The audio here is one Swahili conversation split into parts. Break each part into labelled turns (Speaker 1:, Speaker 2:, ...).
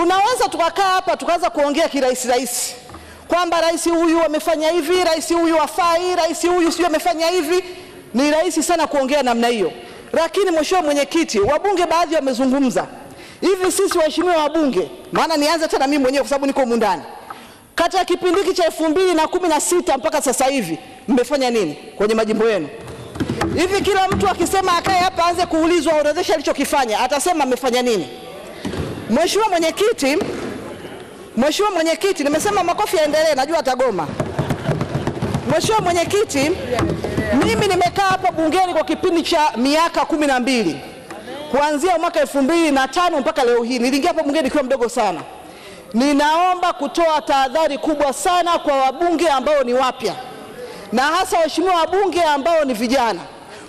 Speaker 1: Tunaweza tukakaa hapa tukaanza kuongea kirahisi rahisi kwamba rais huyu amefanya hivi, rais huyu afai, rais huyu sio amefanya hivi. Ni rahisi sana kuongea namna hiyo, lakini mheshimiwa mwenyekiti, wabunge baadhi wamezungumza hivi. Sisi waheshimiwa wabunge, maana nianze tena mimi mwenyewe kwa sababu niko mundani kati ya kipindi hiki cha elfu mbili na kumi na sita mpaka sasa hivi mmefanya nini kwenye majimbo yenu? Hivi kila mtu akisema akae hapa aanze kuulizwa orodhesha alichokifanya, atasema amefanya nini? Mheshimiwa Mwenyekiti, Mheshimiwa Mwenyekiti, nimesema makofi yaendelee, najua atagoma. Mheshimiwa Mwenyekiti, mimi nimekaa hapa bungeni kwa kipindi cha miaka kumi na mbili kuanzia mwaka elfu mbili na tano mpaka leo hii. Niliingia hapa bungeni nikiwa mdogo sana. Ninaomba kutoa tahadhari kubwa sana kwa wabunge ambao ni wapya na hasa waheshimiwa wabunge ambao ni vijana.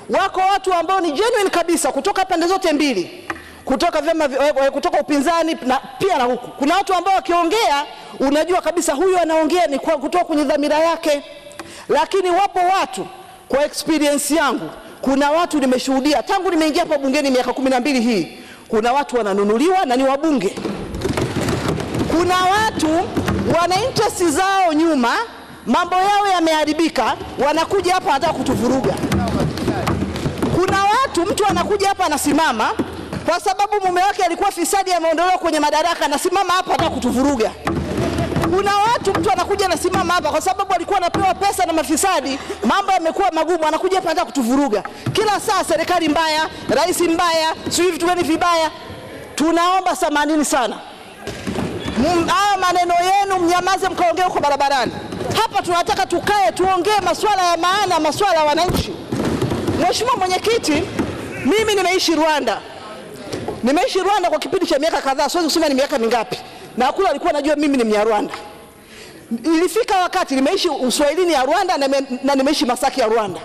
Speaker 1: Wako watu ambao ni genuine kabisa kutoka pande zote mbili kutoka vyama eh, eh, kutoka upinzani na pia na huku, kuna watu ambao wakiongea unajua kabisa huyu anaongea ni kutoka kwenye dhamira yake. Lakini wapo watu, kwa experience yangu, kuna watu nimeshuhudia tangu nimeingia hapa bungeni miaka kumi na mbili hii, kuna watu wananunuliwa na ni wabunge, kuna watu wana interest zao nyuma, mambo yao yameharibika, wanakuja hapa wanataka kutuvuruga. Kuna watu mtu anakuja hapa anasimama kwa sababu mume wake alikuwa fisadi, ameondolewa kwenye madaraka, anasimama hapa hata kutuvuruga. Kuna watu mtu anakuja anasimama hapa kwa sababu alikuwa anapewa pesa na mafisadi, mambo yamekuwa magumu, anakuja hapa hata kutuvuruga kila saa. Serikali mbaya, rais mbaya, sijui vitu gani vibaya. Tunaomba samanini sana, haya maneno yenu mnyamaze, mkaongea huko barabarani. Hapa tunataka tukae tuongee masuala ya maana, masuala ya wananchi. Mheshimiwa Mwenyekiti, mimi nimeishi Rwanda. Nimeishi Rwanda kwa kipindi cha miaka kadhaa, siwezi kusema ni miaka mingapi, na hakuna alikuwa najua mimi ni Mnyarwanda. Ilifika wakati nimeishi uswahilini ya Rwanda na, me, na nimeishi Masaki ya Rwanda.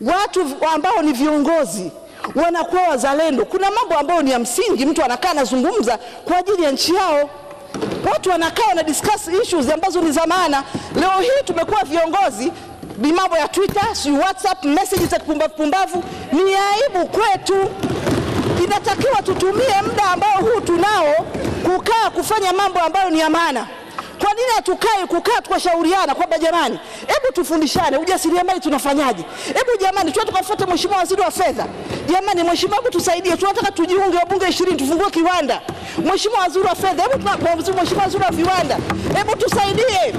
Speaker 1: Watu ambao ni viongozi wanakuwa wazalendo. Kuna mambo ambayo ni ya msingi, mtu anakaa anazungumza kwa ajili ya nchi yao watu wanakaa wana discuss issues ambazo ni za maana. Leo hii tumekuwa viongozi ni mambo ya Twitter, si WhatsApp messages za kipumbavu pumbavu, ni aibu kwetu inatakiwa tutumie muda ambao huu tunao kukaa kufanya mambo ambayo ni ya maana. Kwa nini hatukai kukaa tukashauriana kwamba jamani, hebu tufundishane ujasiriamali tunafanyaje? Hebu jamani, tuwe tukafuate Mheshimiwa Waziri wa Fedha Jamani, mheshimiwa wangu, tusaidie, tunataka tujiunge wabunge ishirini, tufungue kiwanda. Mheshimiwa waziri wa fedha, hebu mheshimiwa waziri wa viwanda, hebu tusaidie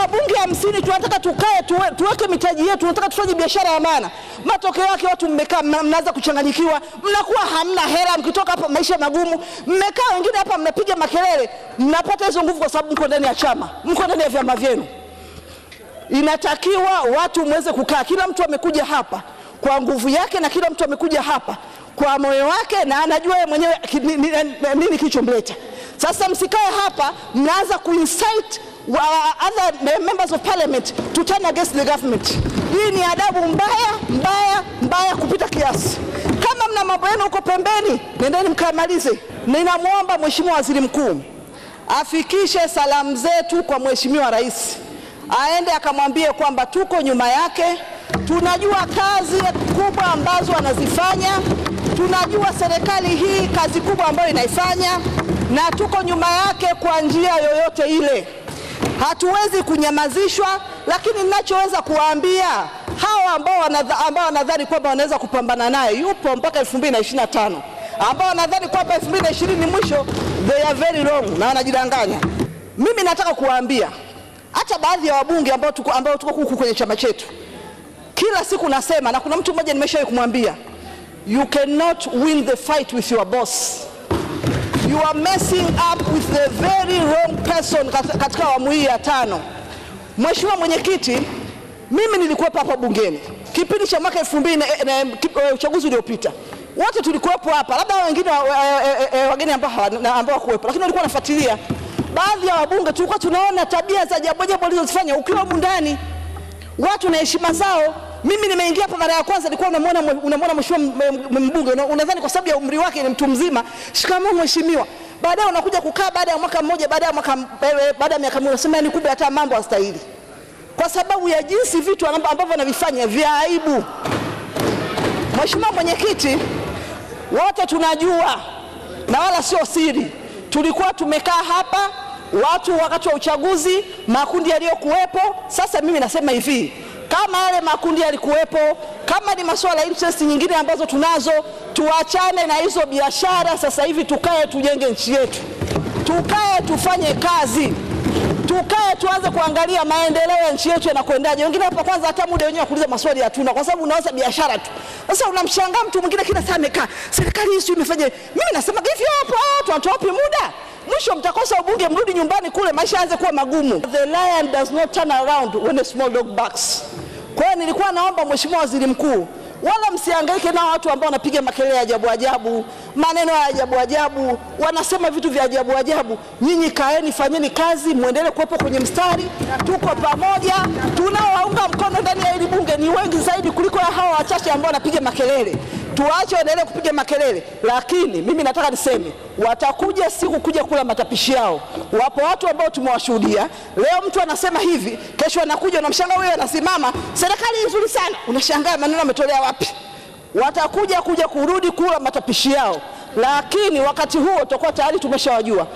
Speaker 1: wabunge hamsini, tunataka tukae tuwe, tuweke mitaji yetu, tunataka tufanye biashara ya maana. Matokeo yake watu mmekaa, mnaanza kuchanganyikiwa, mnakuwa hamna hela, mkitoka hapa maisha magumu. Mmekaa wengine hapa mnapiga makelele, mnapata hizo nguvu kwa sababu mko ndani ya chama, mko ndani ya vyama vyenu. Inatakiwa watu mweze kukaa, kila mtu amekuja hapa kwa nguvu yake, na kila mtu amekuja hapa kwa moyo wake na anajua yeye mwenyewe nini kilichomleta. Sasa msikae hapa mnaanza kuinsult other members of parliament to turn against the government. Hii ni adabu mbaya mbaya mbaya kupita kiasi. Kama mna mambo yenu huko pembeni, nendeni mkamalize. Ninamwomba Mheshimiwa Waziri Mkuu afikishe salamu zetu kwa Mheshimiwa Rais, aende akamwambie kwamba tuko nyuma yake tunajua kazi kubwa ambazo wanazifanya, tunajua serikali hii kazi kubwa ambayo inaifanya, na tuko nyuma yake kwa njia yoyote ile. Hatuwezi kunyamazishwa, lakini ninachoweza kuwaambia hawa ambao wanadhani kwamba wanaweza kupambana naye, yupo mpaka 2025 ambao wanadhani kwamba 2020 ni mwisho, they are very wrong na wanajidanganya. Mimi nataka kuwaambia hata baadhi ya wabunge ambao tuko, ambao tuko huku kwenye chama chetu kila siku nasema, na kuna mtu mmoja nimeshawahi kumwambia, you cannot win the fight with your boss, you are messing up with the very wrong person. Katika awamu hii ya tano, Mheshimiwa Mwenyekiti, mimi nilikuwepo hapa bungeni kipindi cha mwaka elfu mbili na eh, uchaguzi uliopita wote tulikuwepo hapa, labda wengine eh, eh, wageni ambao kuwepo, lakini walikuwa wanafuatilia. Baadhi ya wabunge tulikuwa tunaona tabia za ajabu ajabu walizozifanya ukiwa humu ndani, watu na heshima zao mimi nimeingia hapa mara ya kwanza nilikuwa unamwona unamwona mheshimiwa mbunge, unadhani kwa sababu ya umri wake ni mtu mzima, shikamoo mheshimiwa. Baadaye unakuja kukaa baada ya mwaka mmoja, baada ya mwaka baada ya miaka mmoja, unasema ni kubwa, hata mambo hastahili, kwa sababu ya jinsi vitu ambavyo anavifanya vya aibu. Mheshimiwa Mwenyekiti, wote tunajua na wala sio siri, tulikuwa tumekaa hapa watu wakati wa uchaguzi, makundi yaliyokuwepo. Sasa mimi nasema hivi kama yale makundi yalikuwepo, kama ni masuala interest nyingine ambazo tunazo, tuachane na hizo biashara sasa hivi, tukae tujenge nchi yetu, tukae tufanye kazi tukae tuanze kuangalia maendeleo ya nchi yetu yanakwendaje. Wengine hapa kwanza hata muda wenyewe kuuliza maswali hatuna, kwa sababu unawaza biashara tu. Sasa unamshangaa mtu mwingine kila saa amekaa, serikali hii imefanya. Mimi nasema hivi, hapo, ah, tunatoa wapi muda? Mwisho mtakosa ubunge, mrudi nyumbani kule, maisha yaanze kuwa magumu. The lion does not turn around when a small dog barks. Kwa hiyo nilikuwa naomba Mheshimiwa Waziri Mkuu, wala msihangaike nao watu ambao wanapiga makelele ya ajabu ajabu, maneno ya ajabu ajabu, wanasema vitu vya ajabu ajabu. Nyinyi kaeni, fanyeni kazi, mwendelee kuwepo kwenye mstari. Tuko pamoja, tunaowaunga mkono ndani ya hili bunge ni wengi zaidi kuliko ya hawa wachache ambao wanapiga makelele tuache waendelee kupiga makelele, lakini mimi nataka niseme watakuja siku kuja kula matapishi yao. Wapo watu ambao tumewashuhudia. Leo mtu anasema hivi, kesho anakuja unamshangaa, huyo anasimama, serikali nzuri sana, unashangaa maneno ametolea wapi? Watakuja kuja kurudi kula matapishi yao, lakini wakati huo tutakuwa tayari tumeshawajua.